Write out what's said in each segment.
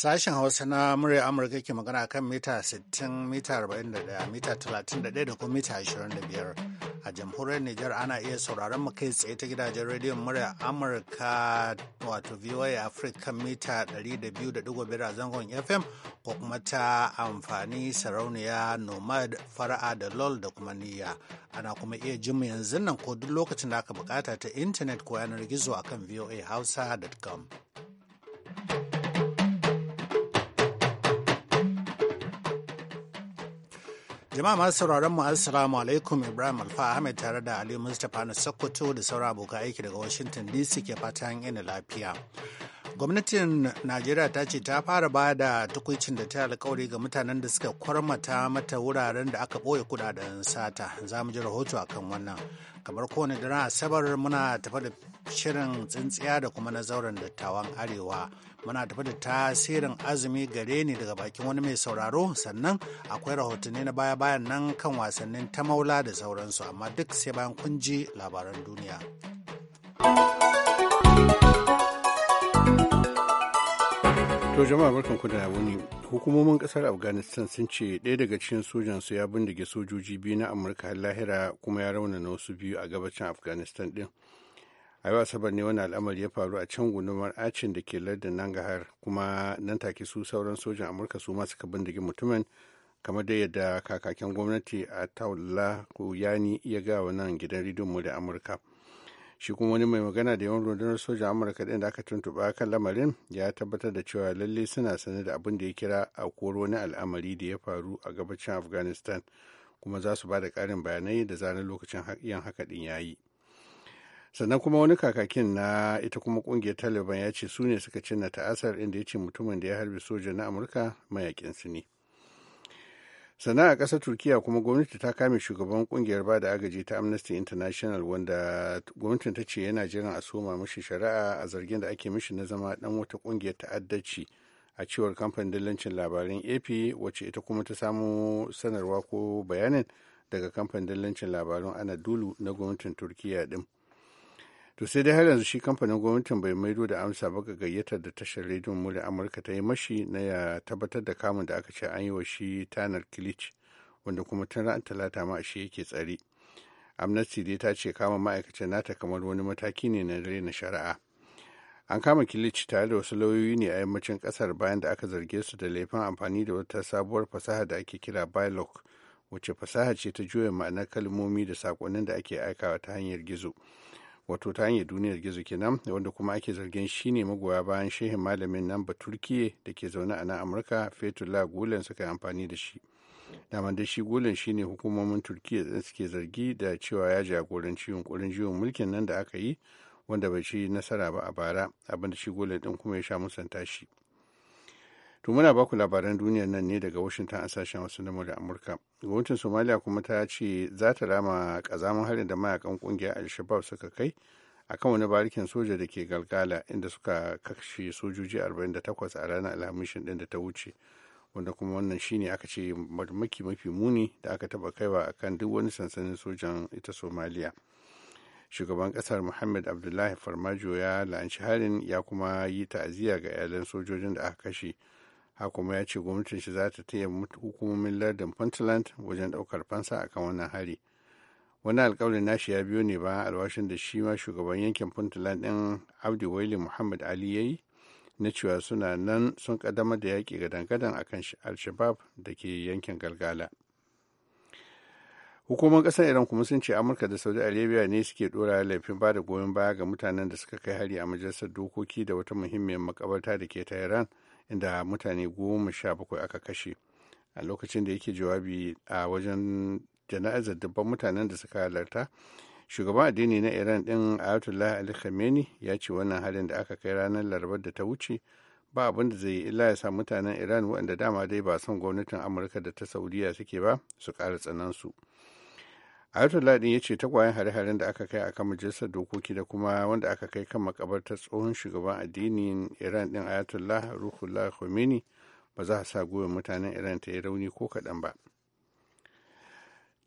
Sashen Hausa na murya Amurka ke magana kan mita 60, mita 41, mita 31 da kuma mita 25. A jamhuriyar Nijar ana iya sauraron mu kai tsaye ta gidajen rediyon murya Amurka wato VOA Africa mita 200.5 a zangon FM ko kuma ta amfani sarauniya Nomad Fara'a da LOL da kuma niyya. Ana kuma iya jin mu yanzu nan ko duk lokacin da aka bukata ta intanet ko yanar gizo akan voahausa.com. Jama'a masu sauraron mu assalamu alaikum Ibrahim Alfa Ahmed tare da Ali Mustapha na Sokoto da sauran abokan aiki daga Washington DC ke fatan ina lafiya. Gwamnatin Najeriya ta ce ta fara ba da tukuicin da ta yi alkawari ga mutanen da suka kwarmata mata wuraren da aka ɓoye kudaden sata. Za mu ji rahoto a kan wannan. Kamar kowane daren Asabar muna tafa da shirin tsintsiya da kuma na zauren dattawan Arewa. muna tafi da tasirin azumi gare ni daga bakin wani mai sauraro sannan akwai rahotanni na baya-bayan nan kan wasannin ta maula da sauransu amma duk sai bayan kun ji labaran duniya. To jama'a barkan ku da wuni hukumomin kasar Afghanistan sun ce ɗaya daga cikin sojansu ya bindige sojoji biyu na Amurka har lahira kuma ya raunana wasu biyu a gabacin Afghanistan din. a yau asabar ne wani al'amari ya faru a can gundumar acin da ke lardin nangahar kuma nan take su sauran sojan amurka su ma suka bindigin mutumin kamar da yadda kakakin gwamnati a taula yani ya gawa nan gidan mu da amurka shi kuma wani mai magana da yawan rundunar sojan amurka ɗin da aka tuntuɓa kan lamarin ya tabbatar da cewa lalle suna sane da abin da ya kira a koro wani al'amari da ya faru a gabacin afghanistan kuma za su ba da ƙarin bayanai da zanen lokacin yan haka ɗin ya yi sannan kuma wani kakakin na ita kuma kungiyar taliban ya ce su ne suka cinna ta'asar inda ya ce mutumin da ya harbi soja na amurka mayakin su ne sannan a ƙasar turkiya kuma gwamnati ta kame shugaban kungiyar ba da agaji ta amnesty international wanda gwamnatin ta ce yana jiran a soma mishi shari'a a zargin da ake mishi na zama dan wata kungiyar ta'addaci a cewar kamfanin dillancin labarin ap wacce ita kuma ta samu sanarwa ko bayanin daga kamfanin dillancin labarin anadolu na gwamnatin turkiya din to sai dai har yanzu shi kamfanin gwamnatin bai maido da amsa ba ga gayyatar da tashar rediyon murya amurka ta yi mashi na ya tabbatar da kamun da aka ce an yi wa shi tanar kilich wanda kuma tun ran talata ma shi yake tsari amnesty dai ta ce kama ma'aikacin nata kamar wani mataki ne na raina shari'a an kama kilich tare da wasu lauyoyi ne a yammacin kasar bayan da aka zarge su da laifin amfani da wata sabuwar fasaha da ake kira bylock wace fasaha ce ta juya ma'anar kalmomi da sakonnin da ake aikawa ta hanyar gizo wato ta hanyar duniyar gizo kenan wanda kuma ake zargin shine magoya bayan shehin malamin nan ba baturkiye da ke zaune a nan amurka fetullah gulen suka yi amfani da shi daman da shi gulen shine hukumomin turkiya da suke zargi da cewa ya jagoranci yunkurin jiwon mulkin nan da aka yi wanda bai ci nasara ba a bara abinda shi gulen din kuma ya sha musanta shi To muna baku labaran duniyar nan ne daga Washington a sashen wasu na da Amurka. Gwamnatin Somalia kuma ta ce za ta rama kazamin harin da mayakan kungiyar Al-Shabaab suka kai a kan wani barikin soja da ke galgala inda suka kashe sojoji 48 a ranar alhamishin din da ta wuce. Wanda kuma wannan shine aka ce maki mafi muni da aka taba kaiwa akan duk wani sansanin sojan ita Somalia. shugaban kasar muhammad abdullahi farmajo ya la'anci harin ya kuma yi ta'aziyya ga 'yalan sojojin da aka kashe kuma ya ce gwamnatin shi za ta taya hukumomin lardin puntland wajen ɗaukar fansa akan wannan hari wani na shi ya biyo ne ba alwashin da shi ma shugaban yankin puntland ɗin abdi waili muhammad ali ya yi na cewa suna nan sun ƙaddamar da yaƙi gadan-gadan akan al-shabab da ke yankin galgala hukumar ƙasar iran kuma sun ce amurka da saudi arabia ne suke dora laifin ba da goyon baya ga mutanen da suka kai hari a majalisar dokoki da wata muhimmiyar makabarta da ke ta inda mutane goma sha bakwai aka kashe a lokacin da yake jawabi a wajen jana'izar dubban mutanen da suka halarta shugaban addini na iran din ayatollah ali khamenei ya ce wannan halin da aka kai ranar larabar da ta wuce ba abin da zai illa ya sa mutanen iran waɗanda dama dai ba son gwamnatin amurka da ta saudiya suke ba su ƙara tsanansu ayatollah din ya ce tagwayen hare-haren da aka kai a kan majalisar dokoki da kuma wanda aka kai kan makabartar tsohon shugaban addinin iran din ayatollah ruhullah khomeini ba za a sa goyon mutanen iran ta yi rauni ko kaɗan ba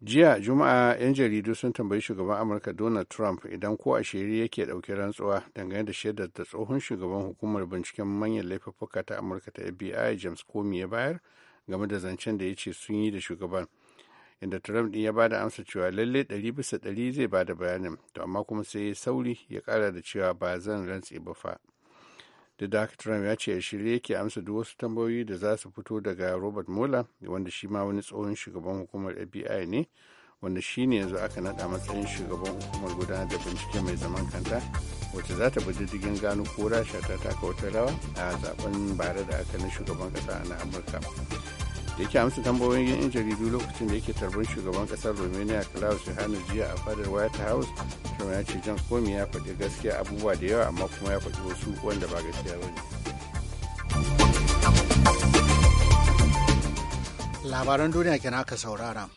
jiya juma'a 'yan jaridu sun tambayi shugaban amurka donald trump idan ko a shirye yake ɗauki rantsuwa dangane da shaidar da tsohon shugaban hukumar binciken manyan laifuffuka ta amurka ta fbi james comey ya bayar game da zancen da ya ce sun yi da shugaban inda trump din ya ba da amsa cewa lalle ɗari bisa ɗari zai ba da bayanin to amma kuma sai sauri ya kara da cewa ba zan rantse ba fa da Dr. Trump ya ce a shirye yake amsa duk wasu tambayoyi da za su fito daga Robert Mueller wanda shi ma wani tsohon shugaban hukumar FBI ne wanda shi ne yanzu aka naɗa matsayin shugaban hukumar gudanar da bincike mai zaman kanta wacce za ta bi diddigin gano ko rasha ta taka wata rawa a zaben bare da aka na shugaban kasa na Amurka. da yake amsa tambayoyin yan jaridu lokacin da yake tarbar shugaban kasar romania klaus shahana jiya a fadar white house kuma ya ce john comey ya faɗi gaskiya abubuwa da yawa amma kuma ya faɗi wasu wanda ba gaskiya ba ne labaran duniya kenan aka saurara.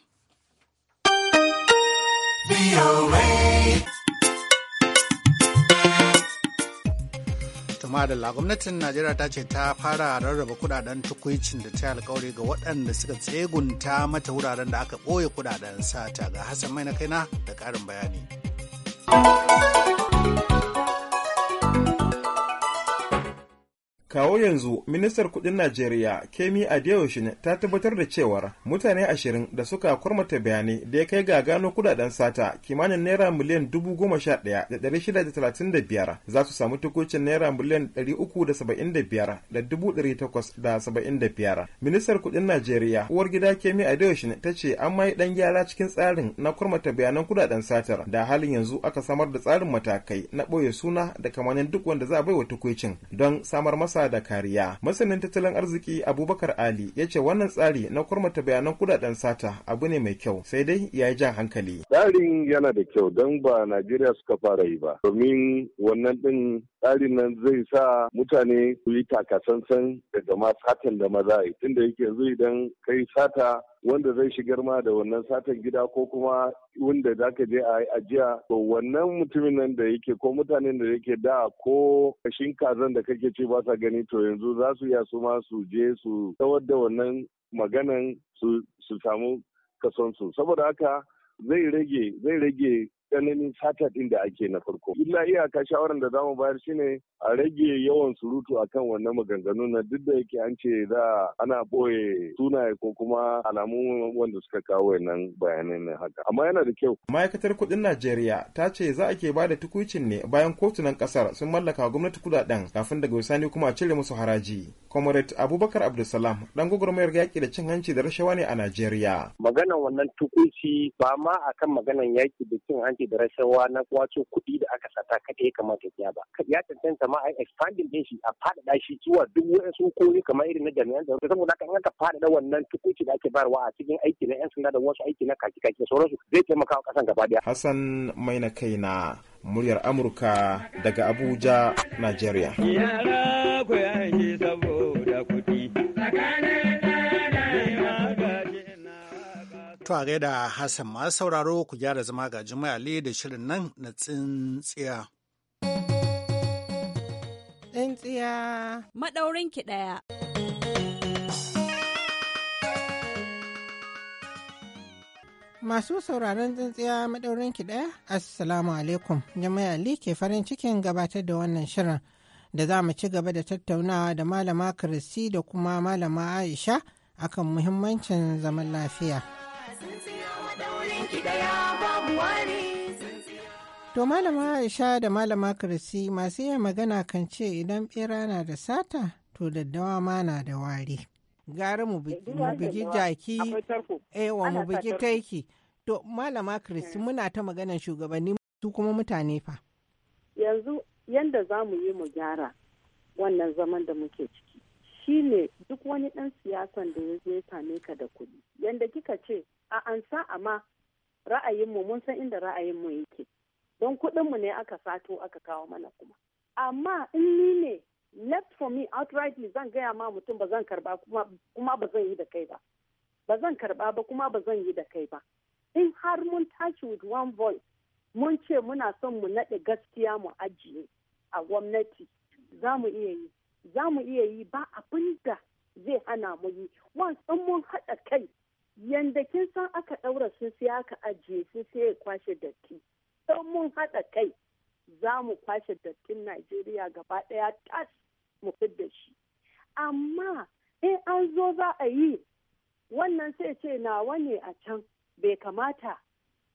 Tumadala gwamnatin Najeriya ta ce ta fara rarraba kudaden tukuicin da ta yi alkawari ga waɗanda suka tsegunta mata wuraren da aka ɓoye kudaden sata ga Hassan Mai na kaina da ƙarin bayani. kawo yanzu ministar kudin najeriya kemi adeoshin ta tabbatar da cewar mutane ashirin da suka kurmata bayanai da ya kai ga gano kudaden sata kimanin naira miliyan dubu goma sha ɗaya da shida da talatin da za su samu tukucin naira miliyan ɗari uku da saba'in da biyar da da saba'in ministar kudin najeriya uwar gida kemi adeoshin ta ce an mai dan gyara cikin tsarin na kurmata bayanan kudaden satar da halin yanzu aka samar da tsarin matakai na ɓoye suna da kamanin duk wanda za a wa tukucin don samar masa da kariya masanin tattalin arziki abubakar ali ya ce wannan tsari na kurmata bayanan kudaden sata abu ne mai kyau sai dai ya yi jan hankali tsarin yana da kyau don ba najeriya suka fara yi ba domin wannan din tsarin nan zai sa mutane su yi takasansan daga ma satan da maza yi tunda yake yanzu idan kai sata wanda zai shigar ma da wannan satan gida ko kuma wanda za ka je a yi ajiya to wannan mutumin nan da yake ko mutanen da yake da ko kashin kazan da kake ce ba sa gani to yanzu za su iya su ma su je su tsawar da wannan maganan su samu kasonsu saboda haka zai rage zai rage tsananin sata din da ake na farko. Illa iyaka shawaran da zamu bayar shine a rage yawan surutu akan wannan maganganu na duk da yake an ce za ana boye sunaye ko kuma alamun wanda suka kawo wannan bayanan ne haka. Amma yana da kyau. Ma'aikatar Kudin Najeriya ta ce za a ke bada tukucin ne bayan kotunan kasar, sun mallaka gwamnati kudaden kafin daga bisani kuma a cire musu haraji. Comrade Abubakar Abdulsalam dan gwagwarmayar yaƙi da cin hanci da rashawa ne a Najeriya. Maganan wannan tukuci ba ma akan maganan yaƙi da cin hanci ake da rashawa na kwato kuɗi da aka sata kaɗai ya kamata ya ba ya cancanta ma a expanding din shi a faɗaɗa shi zuwa duk wasu koyi kamar irin na jami'an da tsaro saboda kan in aka faɗaɗa wannan tukuci da ake bayarwa a cikin aiki na 'yan sanda da wasu aiki na kaki kaki da sauransu zai taimaka wa ƙasan gaba daya. Hassan mai na kaina muryar Amurka daga Abuja, Najeriya. Yara ku yanki saboda kuɗi. To a gaida Hassan masu sauraro ku gyara zama ga Ali da shirin nan na tsintsiya. Tsintsiya. ki ɗaya. Masu sauraron tsintsiya maɗaurin ki ɗaya, Assalamu alaikum, Jami'a Ali ke farin cikin gabatar da wannan shirin da za mu ci gaba da tattaunawa da Malama Kiristi da kuma Malama Aisha akan muhimmancin zaman lafiya. To malama Aisha da malama Kirsi masu iya magana kan ce idan bera na da sata to daddawa ma na da wari. Gara mu bugi jaki, ewa eh, mu bugi taiki. To malama Kirsi muna ta maganar shugabanni su kuma mutane fa. Yanzu yanda za mu yi mu gyara wannan zaman da muke ciki. shine duk wani ɗan siyasan da ya zo ya same ka da kuɗi yadda kika ce a ansa amma ra'ayinmu mun san inda ra'ayinmu yake don kuɗinmu ne aka sato aka kawo mana kuma amma in ni ne left for me outrightly zan gaya ma mutum ba zan karba kuma ba zan yi da kai ba ba zan karba ba kuma ba zan yi da kai ba in har mun tashi with one voice mun ce muna son mu naɗe gaskiya mu ajiye a gwamnati za mu iya yi za mu iya yi ba abin da zai hana mu yi wasan mun haɗa kai yanda kin san aka ɗaura su sai aka ajiye su sai ya kwashe datti don mun haɗa kai za mu kwashe dattin najeriya gaba ɗaya tas mu fidda shi amma in an zo za a yi wannan sai ce nawa ne a can bai kamata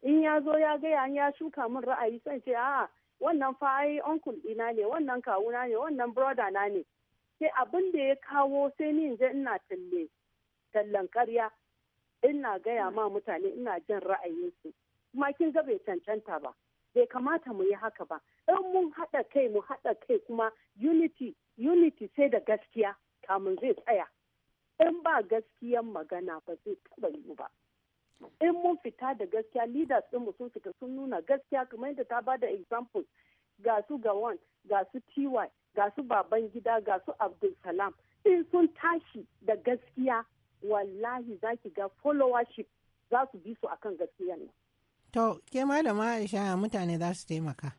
in ya zo ya gaya ya shuka min ra'ayi sai ce a wannan fa ai onkul ɗina ne wannan kawuna ne wannan broda na ne sai abin da ya kawo sai ni in je ina talle tallan karya ina gaya ma mutane ina jin ra'ayinsu kuma kin ga bai cancanta ba bai kamata mu yi haka ba in mun haɗa kai mu haɗa kai kuma unity unity sai da gaskiya kamun zai tsaya in ba gaskiyan magana ba zai taɓa yi ba in mun fita da gaskiya leaders mu sun fita sun nuna gaskiya kamar yadda ta ba da example ga su ga one ga su ty ga su baban gida ga su abdulsalam in sun tashi da gaskiya wallahi za ki ga followership za su bi su akan gaskiya. nan. To, ke malama Aisha mutane za su taimaka.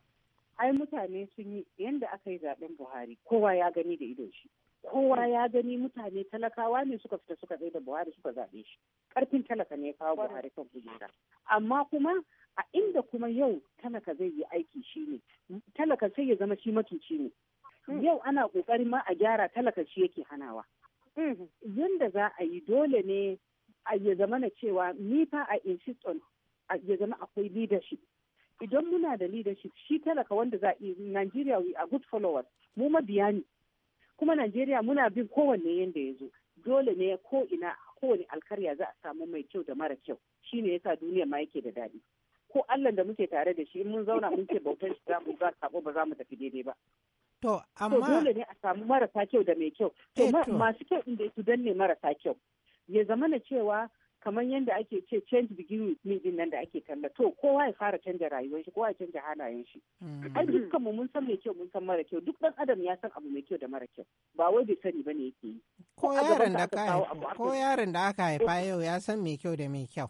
Ai mutane sun yi yadda aka yi zaben Buhari, kowa ya gani da idon shi. Kowa ya gani mutane talakawa ne suka fita suka zai da Buhari suka zaɓe shi. Karfin talaka ne ya kawo Buhari kan kujera. Amma kuma a inda kuma yau talaka zai yi aiki shi ne. Talaka sai ya zama shi matuci ne. Mm. yau ana ƙoƙarin ma a gyara talakaci yake hanawa mm-hmm. yanda za a yi dole ne ya zama na cewa ni fa a insist on ya zama akwai leadership idan muna da leadership shi talaka wanda za a yi. Nigeria we are good followers mu mabiya ne kuma Najeriya muna bin kowanne yanda ya zo dole ne ko ina kowane alkarya za a samu mai kyau da mara kyau Shi ne yasa duniya ma yake da daɗi ko Allah da muke tare da shi mun zauna muke bautan bautar shi za mu ba za mu tafi daidai ba To, amma... dole ne a samu marasa kyau da mai kyau. To, eh, masu kyau inda su danne marasa kyau. Ya zama na cewa kamar yadda ake ce change begin with me din nan da ake kalla to kowa ya fara canja rayuwar shi kowa ya canja halayen shi mm. ai dukkan mu mun san mai kyau mun san mara kyau duk dan adam ya san abu mai kyau da mara kyau ba wai bai sani bane yake yi ko yaron da aka haifa eh. yau ya san mai kyau da mai kyau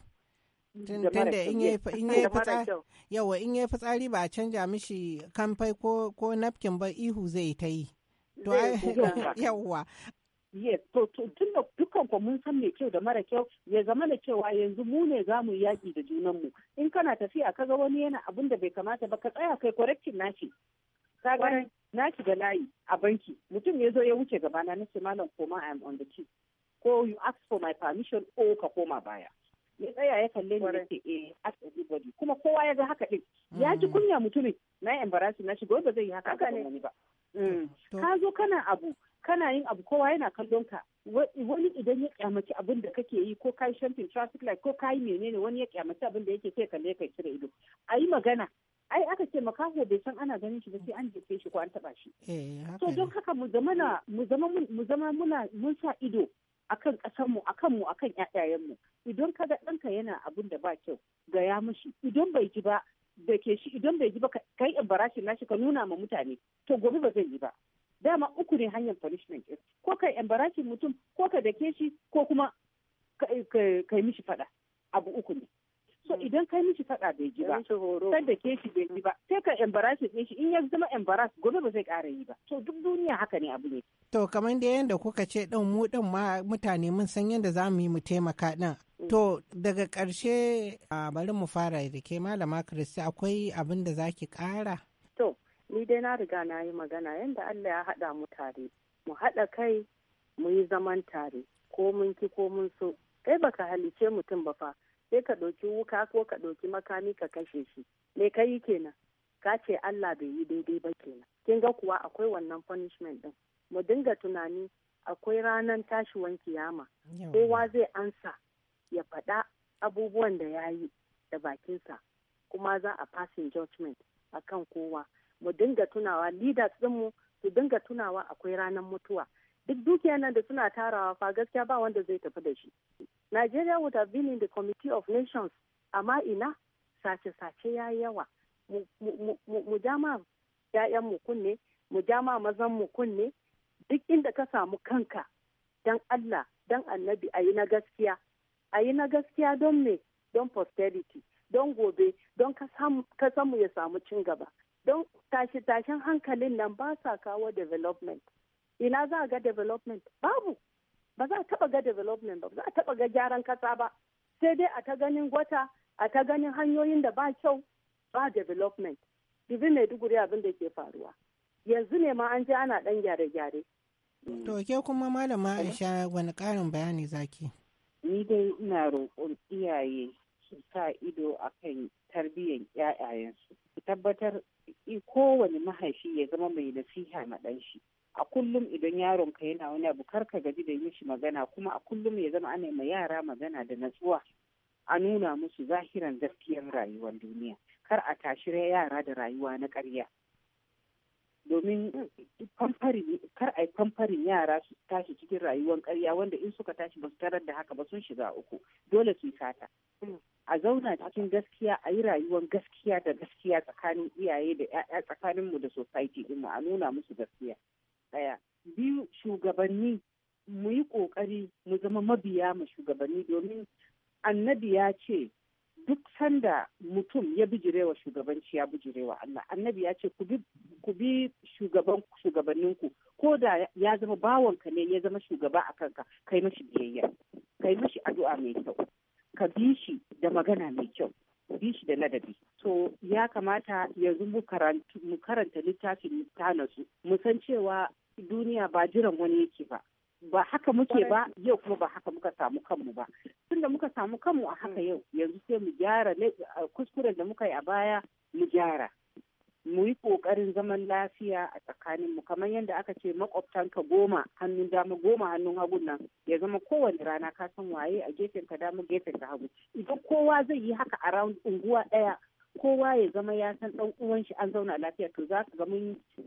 tunda in yayi fitsari yawa in yayi fitsari ba a canja mishi kamfai ko ko napkin ba ihu zai ta yi to yawa yes tun da dukkan ku mun san mai kyau da mara kyau ya zama da cewa yanzu mu ne zamu mu yaƙi da mu in kana tafiya ka ga wani yana abin da bai kamata ba ka tsaya kai correcting nashi ka ga na layi a banki mutum ya zo ya wuce gabana na ce malam koma i am on the key ko you ask for my permission ko oh, ka koma baya ya tsaya ya kalle ni yace eh ask everybody kuma kowa ya ga haka din ya ji mm. kunya mutumin na embarrassing na shigo ba zai yi haka ga ba mm. ka zo kana abu kana yin abu kowa yana kallon ka wani idan ya kyamaci abin da kake yi ko kai shamfin traffic light ko kai menene wani ya kyamaci abin da yake sai kalle kai cire ido ayi magana ai aka ce makaho bai san ana ganin shi ba sai an jefe shi ko an taba shi so eh, don haka mu zama mu zama mun sa ido akan kasanmu akan mu akan mu idan ka ɗanka yana abun da ba kyau gaya mushi idan bai ji ba da ke shi idan bai ji ba kai embarrassing nashi ka nuna ma mutane to gobe ba zai yi ba dama uku ne hanyar punishment din ko kai barashi mutum ko ka dake shi ko kuma kai mishi faɗa abu uku ne so hmm. idan kai mishi faɗa bai ji ba sai da ke shi bai ji ba sai ka barashi din shi in ya zama barashi gobe ba zai ƙara yi ba to duk duniya haka ne abu ne to kamar da yanda kuka ce dan mu dan ma mutane mun san yanda za mu yi mu taimaka dan To mm. daga ƙarshe bari mu fara da ke malama Kristi akwai abin da za ki ƙara? To, ni dai na riga na yi magana yadda Allah ya haɗa mu tare. Mu haɗa kai, mu yi zaman tare, ko mun ki ko mun so. Kai ba ka halice mutum ba fa, sai ka ɗauki wuka ko ka ɗauki makami ka kashe shi. Me ka yi kenan? Ka ce Allah bai yi daidai ba kenan. Kin ga kuwa akwai wannan punishment ɗin. Mu dinga tunani akwai ranar tashiwan kiyama. Kowa zai ansa. ya faɗa abubuwan da ya yi da bakinsa kuma za a passing judgment a kan kowa mu dinga tunawa leaders mu su dinga tunawa akwai ranar mutuwa duk dukiyar nan da suna tarawa fa gaskiya ba wanda zai tafi da shi Nigeria would have been in the Committee of Nations amma ina sace-sace ya yawa mu jama mu kunne mu jama mu kunne duk inda ka samu kanka don Allah dan annabi a yi na gaskiya a yi na gaskiya don me don posterity don gobe don ka samu ya samu cin gaba don tashi-tashin hankalin nan ba sa kawo development ina za a ga development babu ba za a taba ga development ba za a taba ga gyaran kasa ba sai dai a ta ganin gwata a ta ganin hanyoyin da ba kyau ba development dubi duguri abin da ke faruwa yanzu ne ma an ji ana ɗan gyare-gyare to ke kuma malama aisha wani karin bayani zaki ni dai ina roƙon iyaye su sa ido a kan tarbiyyar ƴaƴayensu su tabbatar kowane mahaifi ya zama mai nasiha na ɗan shi a kullum idan yaron ka yana wani abu kar ka gaji da yin shi magana kuma a kullum ya zama ana ma yara magana da natsuwa a nuna musu zahiran gaskiyar rayuwar duniya kar a tashi yara da rayuwa na ƙarya domin kar a yi famfarin yara su tashi cikin rayuwar karya wanda in suka tashi ba su tarar da haka ba sun shiga uku dole su sata mm. a zauna cikin gaskiya a yi rayuwar gaskiya da gaskiya tsakanin iyaye da 'ya'ya tsakanin mu da society din mu a nuna musu gaskiya daya biyu shugabanni mu yi kokari mu zama mabiya mu shugabanni domin annabi ya ce duk sanda mutum ya bijirewa shugabanci ya bijirewa Allah annabi ya ce ku bi shugaban shugabanninku ko da ya zama bawanka ne ya zama shugaba a kanka kai mashi biyayya kai mashi addu'a mai kyau ka bi shi da magana mai kyau bi shi da ladabi to ya kamata yanzu mu karanta littafin mu san cewa duniya ba jiran wani yake ba ba haka muke ba yau kuma ba haka muka samu kanmu ba tunda muka samu kanmu a haka hmm. yau yanzu sai mu gyara kuskuren da muka yi a baya mu gyara mu yi kokarin zaman lafiya a tsakanin mu kamar yadda aka ce makwabtanka goma hannun dama goma hannun hagu nan ya zama kowane rana ka san waye a gefen ka dama gefen ka hagu idan kowa zai yi haka a unguwa ɗaya kowa ya zama ya san dan uwan shi an zauna lafiya to za ka ga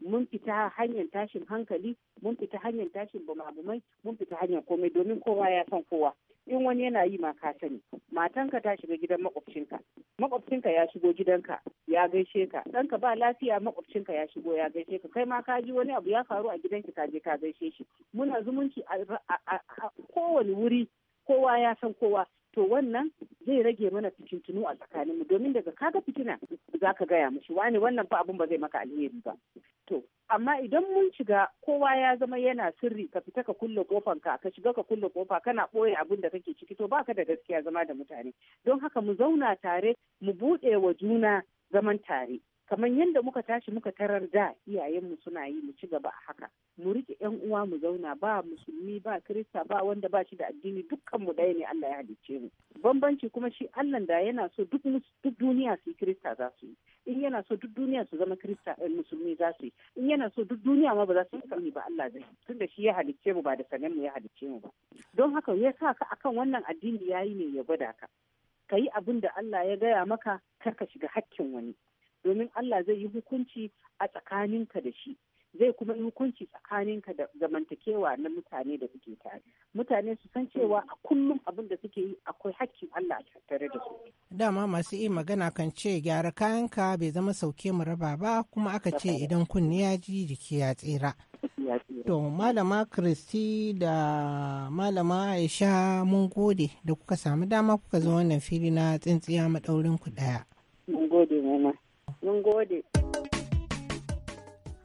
mun fita hanyar tashin hankali mun fita hanyar tashin bumabumai mun fita hanyar komai domin kowa ya san kowa in wani yana yi ma ka sani matanka ta shiga gidan makwabcinka makwabcinka ya shigo gidanka ya gaishe ka ɗanka ba lafiya makwabcinka ya shigo ya gaishe ka kai ma ka ji wani abu ya faru a gidanki ka je ka gaishe shi muna zumunci a kowane wuri kowa ya san kowa to wannan zai rage mana fitintunu a tsakaninmu domin daga kaga fitina za ka gaya mushi wani wannan fa abun ba zai maka alheri ba to amma idan mun shiga kowa ya zama yana sirri ka fita ka kulle kofan ka ka shiga ka kulle kofa kana boye abin da kake ciki to baka da gaskiya zama da mutane don haka mu zauna tare mu buɗe wa juna zaman tare kamar yadda muka tashi muka tarar da iyayenmu suna yi mu ci gaba a haka mu rike yan uwa mu zauna ba musulmi ba kirista ba wanda ba shi da addini dukkan mu ɗaya ne Allah ya halicce mu bambanci kuma shi Allah da yana so duk duniya su kirista za su yi in yana so duk duniya su zama kirista eh, musulmi za su yi in yana so duk duniya ma ba za su yi ba Allah zai tunda shi ya halicce mu ba da sanin mu ya halicce mu ba don haka ya sa ka akan wannan addini yayi ne ya gwada ka ka yi abin da Allah ya gaya maka kar ka shiga hakkin wani domin Allah zai yi hukunci a tsakaninka da shi zai kuma yi hukunci tsakaninka da zamantakewa na mutane da suke tare mutane su san cewa a kullum abin da suke yi akwai hakkin Allah tare da su dama masu yi magana kan ce gyara kayanka bai zama sauke mu raba ba kuma aka ce idan kunni ya ji jiki ya tsira to malama kristi da malama aisha mun gode da kuka samu dama kuka zo wannan fili na tsintsiya maɗaurin ku daya mun gode mama Mun gode.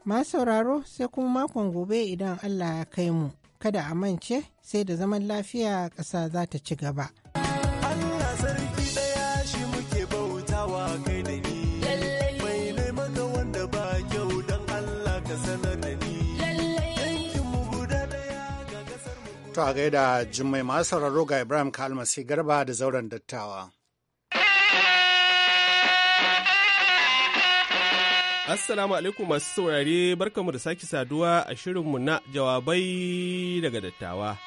Ma sauraro sai kuma makon gobe idan Allah ya kai mu. Kada a mance sai da zaman lafiya ƙasa za ta ci gaba. Allah sarki ɗaya shi muke bautawa kai da ni. ba kyau don Allah ka sanar da ni. To a gaida Jummai masu sauraro ga Ibrahim Kalmasi Garba da zauren dattawa. Assalamu alaikum masu saurare barkamu da sake saduwa a shirinmu na jawabai daga dattawa.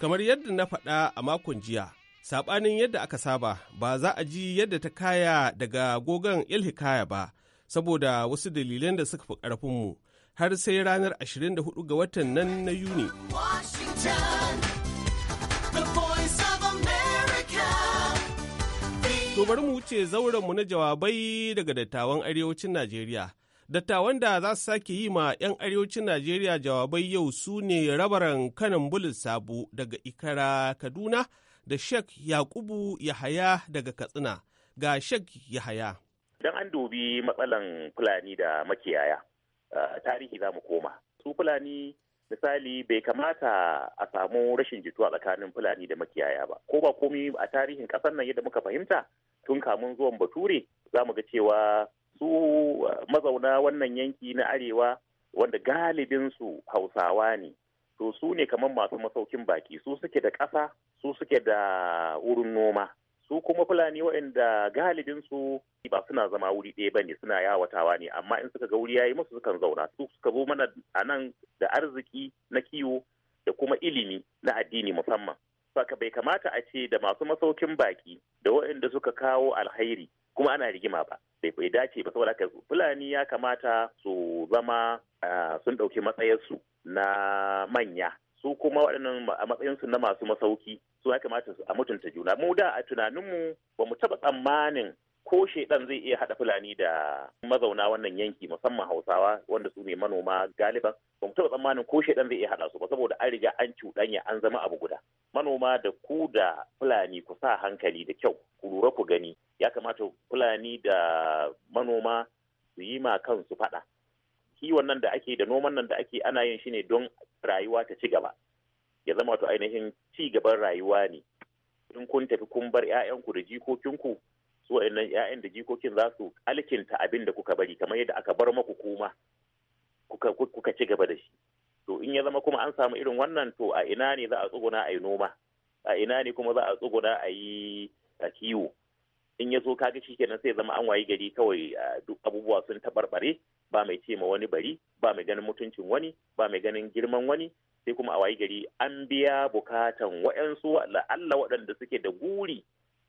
Kamar yadda na faɗa a makon jiya, saɓanin yadda aka saba ba za a ji yadda ta kaya daga gogon ilhikaya ba, saboda wasu dalilan da suka fi ƙarfinmu har sai ranar 24 ga watan nan na Yuni. bari mu wuce zaurenmu na jawabai daga dattawan arewacin Najeriya. Dattawan da za su sake yi ma 'yan arewacin Najeriya jawabai yau su ne rabaran kanan bulin sabu daga Ikara Kaduna da Sheikh Yakubu Yahaya daga Katsina ga Sheikh Yahaya. idan an dubi matsalan Fulani da makiyaya, tarihi za mu koma. Su Fulani misali bai kamata a samu rashin jituwa tsakanin fulani da makiyaya ba ko ba komi a tarihin ƙasar nan yadda muka fahimta tun kamun zuwan bature za mu ga cewa su uh, mazauna wannan yanki na arewa wanda galibinsu hausawa ne to su ne kamar masu masaukin baki su suke da ƙasa su suke da wurin noma su kuma fulani waɗanda galibin su ba suna zama wuri ɗaya ba ne suna yawatawa ne amma in suka ga wuri yayi musu sukan zauna su suka zo mana a nan da arziki na kiwo da kuma ilimi na addini musamman baka bai kamata a ce da masu masaukin baki da waɗanda suka kawo alhairi kuma ana rigima ba bai dace ba saboda haka fulani ya kamata su zama sun ɗauki matsayarsu na manya su kuma waɗannan a matsayinsu na masu masauki su ya kamata a mutunta juna mu da a tunaninmu ba mu taɓa tsammanin ko shedan zai iya haɗa fulani da mazauna wannan yanki musamman hausawa wanda su ne manoma galiban ba mu taɓa tsammanin ko shedan zai iya haɗa su ba saboda an riga an cuɗanya an zama abu guda manoma da ku da fulani ku sa hankali da kyau ku lura ku gani ya kamata fulani da manoma su yi ma kansu faɗa kiwon nan da ake da noman nan da ake ana yin shi ne don rayuwa ta ci gaba ya zama to ainihin ci gaban rayuwa ne in kun tafi kun bar 'ya'yanku da jikokinku su wa'annan 'ya'yan da jikokin za su alkinta abin da kuka bari kamar yadda aka bar maku kuma kuka ci gaba da shi to in ya zama kuma an samu irin wannan to a ina ne za a tsuguna a yi noma a ina ne kuma za a tsuguna a yi kiwo in ya zo kaga shi kenan sai zama an wayi gari kawai duk abubuwa sun taɓarɓare ba mai ce ma wani bari ba mai ganin mutuncin wani ba mai ganin girman wani sai kuma a wayi gari an biya bukatan wa'yansu Allah waɗanda suke da guri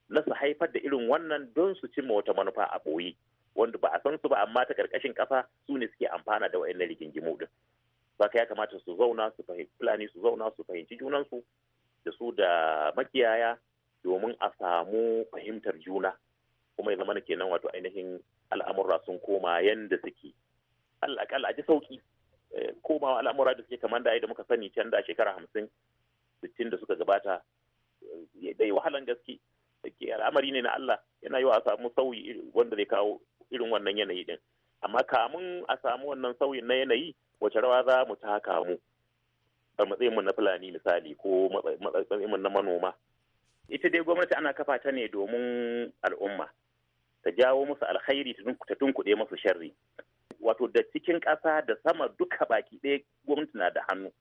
na su haifar da irin wannan don su cimma wata manufa a ɓoye wanda ba a san su ba amma ta karkashin ƙasa su ne suke amfana da wa'annan rigingimu din baka ya kamata su zauna su fahimci fulani su zauna su fahimci junansu da su da makiyaya domin a samu fahimtar juna kuma ya zama na kenan wato ainihin al'amura sun koma yanda suke alakal a ji sauki eh, komawa al'amura da suke kamar da da muka sani can da shekara hamsin sittin da suka gabata eh, dai wahalan gaske ke al'amari ne na Allah yana wa a samu sauyi wanda zai kawo irin wannan yanayi din amma kamun a samu wannan sauyin na yanayi wace rawa za mu taka mu a matsayinmu na fulani misali ko matsayinmu na manoma ita dai gwamnati ana kafa ta ne domin al'umma ta jawo musu alkhairi ta tunkuɗe musu sharri wato da cikin ƙasa da sama duka baki ɗaya gwamnati na da hannu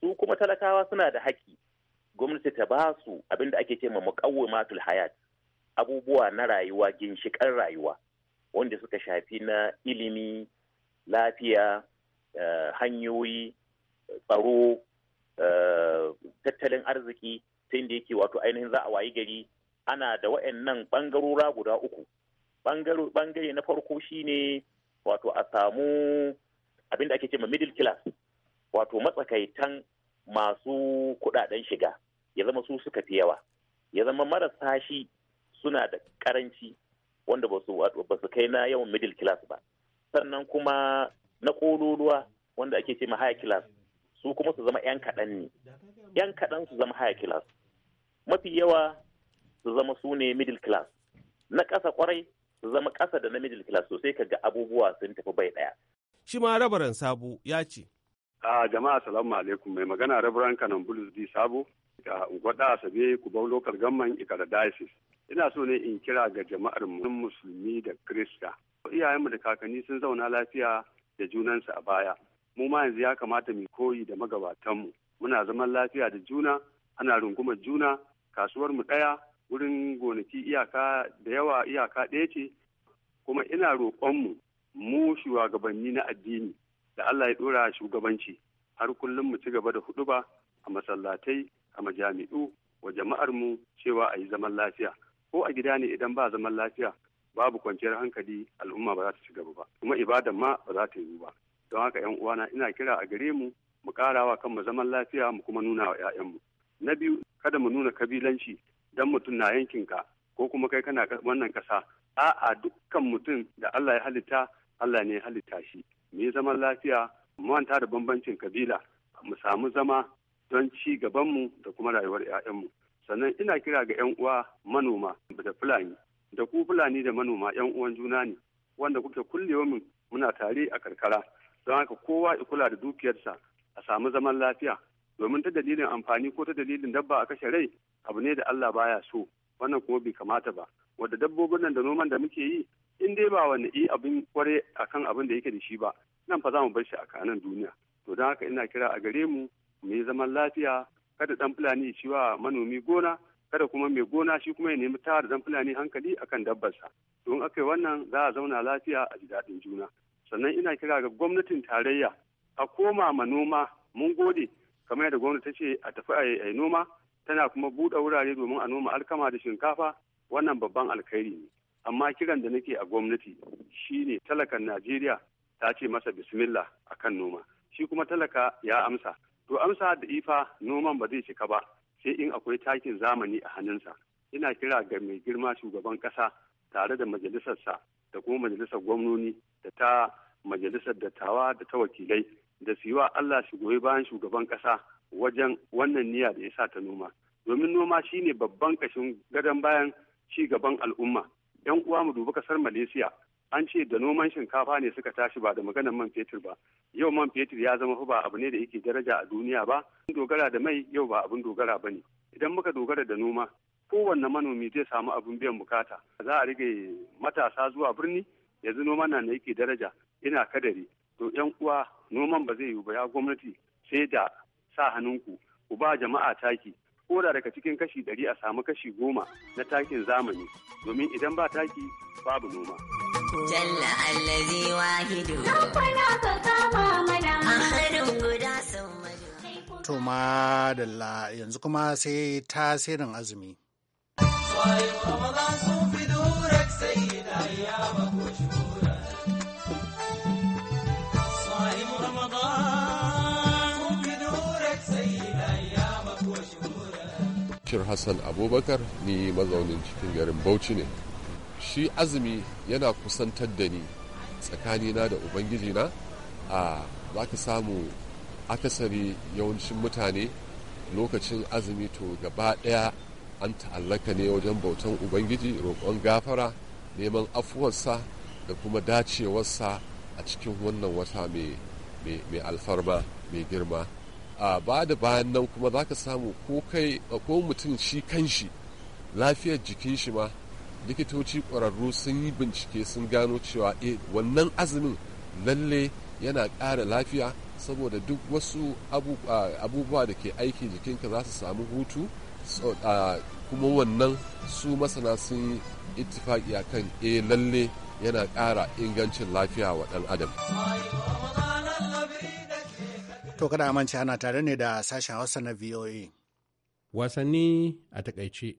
su kuma talakawa suna da haƙƙi gwamnati ta ba su abin da ake cema muqawwimatul hayat abubuwa na rayuwa ginshikan rayuwa wanda suka shafi na ilimi lafiya eh, hanyoyi tsaro eh, tattalin arziki ta inda yake wato ainihin za a wayi gari ana da wa'annan ɓangarora guda uku ɓangare na farko shine wato a samu abin da ake ma middle class wato matsakaitan masu kudaden shiga ya zama su suka fi yawa ya zama marasa shi suna da karanci wanda ba su kai na yawan middle class ba sannan kuma na kololuwa wanda ake ce ma high class su kuma su zama 'yan kaɗan ne 'yan kaɗan su zama high class mafi yawa su zama su ne middle class na ƙasa kwarai su zama ƙasa da na middle class sosai ka ga abubuwa sun tafi bai ɗaya. shi ma rabaran sabu ya ce A jama'a salamu alaikum mai magana rabran Kanan Bulus D Sabo da Ungwada Asabe bau lokar Gamman ikada Diocese. Ina so ne in kira ga jama'ar musulmi da Krista. Iyayenmu da kakanni sun zauna lafiya da junansu a baya. Mu ma yanzu ya kamata mu koyi da magabatanmu. Muna zaman lafiya da juna, ana rungumar juna, kasuwar mu ɗaya, wurin gonaki iyaka da yawa iyaka ɗaya ce. Kuma ina roƙonmu mu shugabanni na addini da Allah ya dora shugabanci har kullum mu ci gaba da ba a masallatai a majami'u wa jama'ar mu cewa a yi zaman lafiya ko a gida ne idan ba zaman lafiya babu kwanciyar hankali al'umma ba za ta ci gaba ba kuma ibadan ma ba za ta yi ba don haka yan uwana ina kira a gare mu mu karawa kanmu zaman lafiya mu kuma nuna wa mu na biyu kada mu nuna kabilanci dan mutum na yankin ka ko kuma kai kana wannan kasa a'a dukkan mutum da Allah ya halitta Allah ne ya halitta shi mu yi zaman lafiya mu manta da bambancin kabila mu samu zama don ci gabanmu da kuma rayuwar 'ya'yanmu sannan ina kira ga 'yan uwa manoma da fulani da ku fulani da manoma 'yan uwan juna ne wanda kuke kullewa mu muna tare a karkara don haka kowa ya kula da dukiyarsa a samu zaman lafiya domin ta dalilin amfani ko ta dalilin dabba a kashe rai abu ne da Allah baya so wannan kuma bai kamata ba wanda dabbobin nan da noman da muke yi in dai ba wani yi eh, abin kware akan abin da yake da shi ba nan fa za mu bar shi a kanan duniya to don haka ina kira a gare mu mu zaman lafiya kada dan fulani shi wa manomi gona kada kuma mai gona shi kuma ya nemi tayar dan fulani hankali akan dabbarsa don aka yi wannan za a zauna lafiya a ji daɗin juna sannan ina kira ga gwamnatin tarayya a koma ma noma mun gode kamar yadda gwamnati ta ce a tafi a yi noma tana kuma buɗe wurare domin a noma alkama da shinkafa wannan babban alkhairi ne amma kiran da nake a gwamnati shine talakan najeriya ta ce masa bismillah a kan noma shi kuma talaka ya amsa to amsa da ifa noman ba zai cika ba sai in akwai takin zamani a hannunsa ina kira ga mai girma shugaban kasa tare da majalisarsa da kuma majalisar gwamnoni da ta majalisar dattawa da ta wakilai da su yi wa Allah shi goyi bayan shugaban kasa wajen wannan niyya da ya sa ta noma domin noma shine babban kashin gadon bayan ci gaban al'umma yan uwa mu dubi kasar malaysia an ce da noman shinkafa ne suka tashi ba da maganar man fetur ba yau man fetur ya zama ba abu ne da yake daraja a duniya ba dogara da mai yau ba abin dogara ba ne idan muka dogara da noma kowanne manomi zai samu abin biyan bukata za a rage matasa zuwa birni yanzu noman na yake daraja ina kadari to yan uwa noman ba zai yiwu ba ya gwamnati sai da sa hannunku ku ba jama'a taki koda daga cikin kashi ɗari a samu kashi goma na takin zamani domin idan ba taki babu noma. Jalla allazi wahidu. ka kama mana. guda sau To yanzu kuma sai tasirin azumi. Sai Ramadan sun fido Bashir Hassan Abubakar ni mazaunin cikin garin Bauchi ne. Shi azumi yana kusantar da ni tsakanina da Ubangijina a za ka samu akasari yawancin mutane lokacin azumi to gaba ɗaya an ta'allaka ne wajen bautan Ubangiji roƙon gafara neman afuwarsa da kuma dacewarsa a cikin wannan wata mai alfarma mai girma. a ba da bayan nan kuma za ka samu ko kai ko mutum shi kanshi lafiyar jikin shi ma likitoci ƙwararru sun yi bincike sun gano cewa e wannan azumin lalle yana ƙara lafiya saboda duk wasu abubuwa da ke aiki jikinka za su samu hutu kuma wannan su masana sun yi ittifaki akan e eh, lalle yana ƙara ingancin lafiya wa ɗan adam. To kada amince ana tare ne da sashen Hausa na VOA. Wasanni a takaice.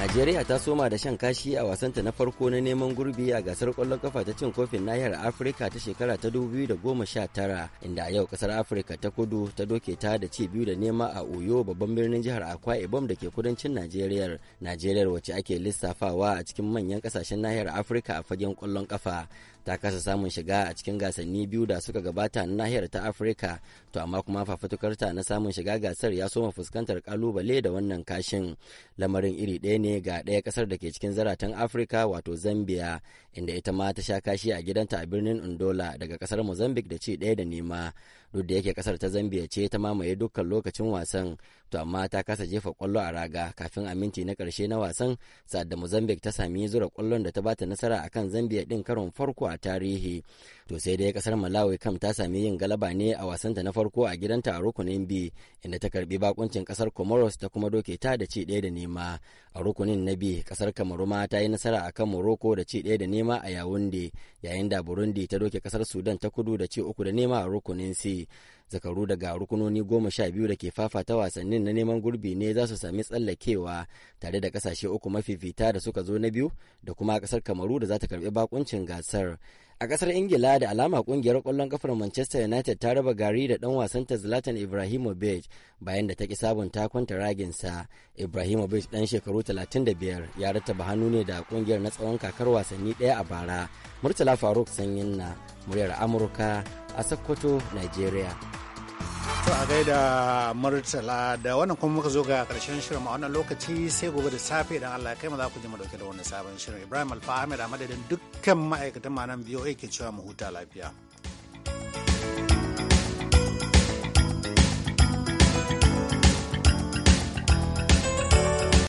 Najeriya ta soma da shan kashi a wasanta na farko na neman gurbi a gasar kwallon kafa ta cin kofin nahiyar Afirka ta shekara ta 2019 inda a yau kasar Afirka ta kudu ta doke ta da ci biyu da nema a Oyo babban birnin jihar Akwa Ibom da ke kudancin Najeriya. Najeriya wacce ake lissafawa a cikin manyan kasashen nahiyar Afirka a fagen kwallon kafa ta kasa samun shiga a cikin gasanni biyu da suka gabata na nahiyar ta afirka to amma kuma fafutukarta na samun shiga gasar ya soma fuskantar kalubale da wannan kashin lamarin iri ɗaya ne ga ɗaya kasar da ke cikin zaratan afirka wato zambia inda ita ma ta sha kashi a gidanta a birnin undola daga kasar mozambique da ci ɗaya da nema duk da yake kasar ta zambia ce ta mamaye dukkan lokacin wasan to amma ta kasa jefa kwallo a raga kafin a minti na karshe na wasan sa'ad da mozambique ta sami zura kwallon da ta bata nasara akan zambia din karon farko a tarihi to sai dai kasar malawi kam ta sami yin galaba ne a wasanta na farko a gidanta a rukunin bi inda ta karbi bakuncin kasar comoros ta kuma doke ta da ci daya da nema a rukunin na bi kasar kamaru ma ta yi nasara akan morocco da ci ɗaya da nema a yawunde yayin da burundi ta doke kasar sudan ta kudu da ci uku da nema a rukunin si zakaru daga rukunoni goma sha biyu da ke fafata wasannin na neman gurbi ne za su sami tsallakewa tare da kasashe uku mafi fita da suka zo na biyu da kuma kasar kamaru da za ta karbi bakuncin gasar a kasar ingila da alama kungiyar kwallon kafar manchester united ta raba gari da dan wasanta zlatan ibrahimovic bayan da ta ki sabunta kwanta raginsa ibrahimovic dan shekaru 35 ya rattaba hannu ne da kungiyar na tsawon kakar wasanni daya a bara murtala faruk sanyin na muryar amurka a sokoto nigeria To a gaida Murtala da wannan kuma muka zo ga karshen shirin a wannan lokaci sai gobe da safe idan Allah kai mu za ku ji mu dauke da wannan sabon shirin. Ibrahim Alfa Ahmed a madadin dukkan ma'aikatan manan VOA ke cewa mu huta lafiya.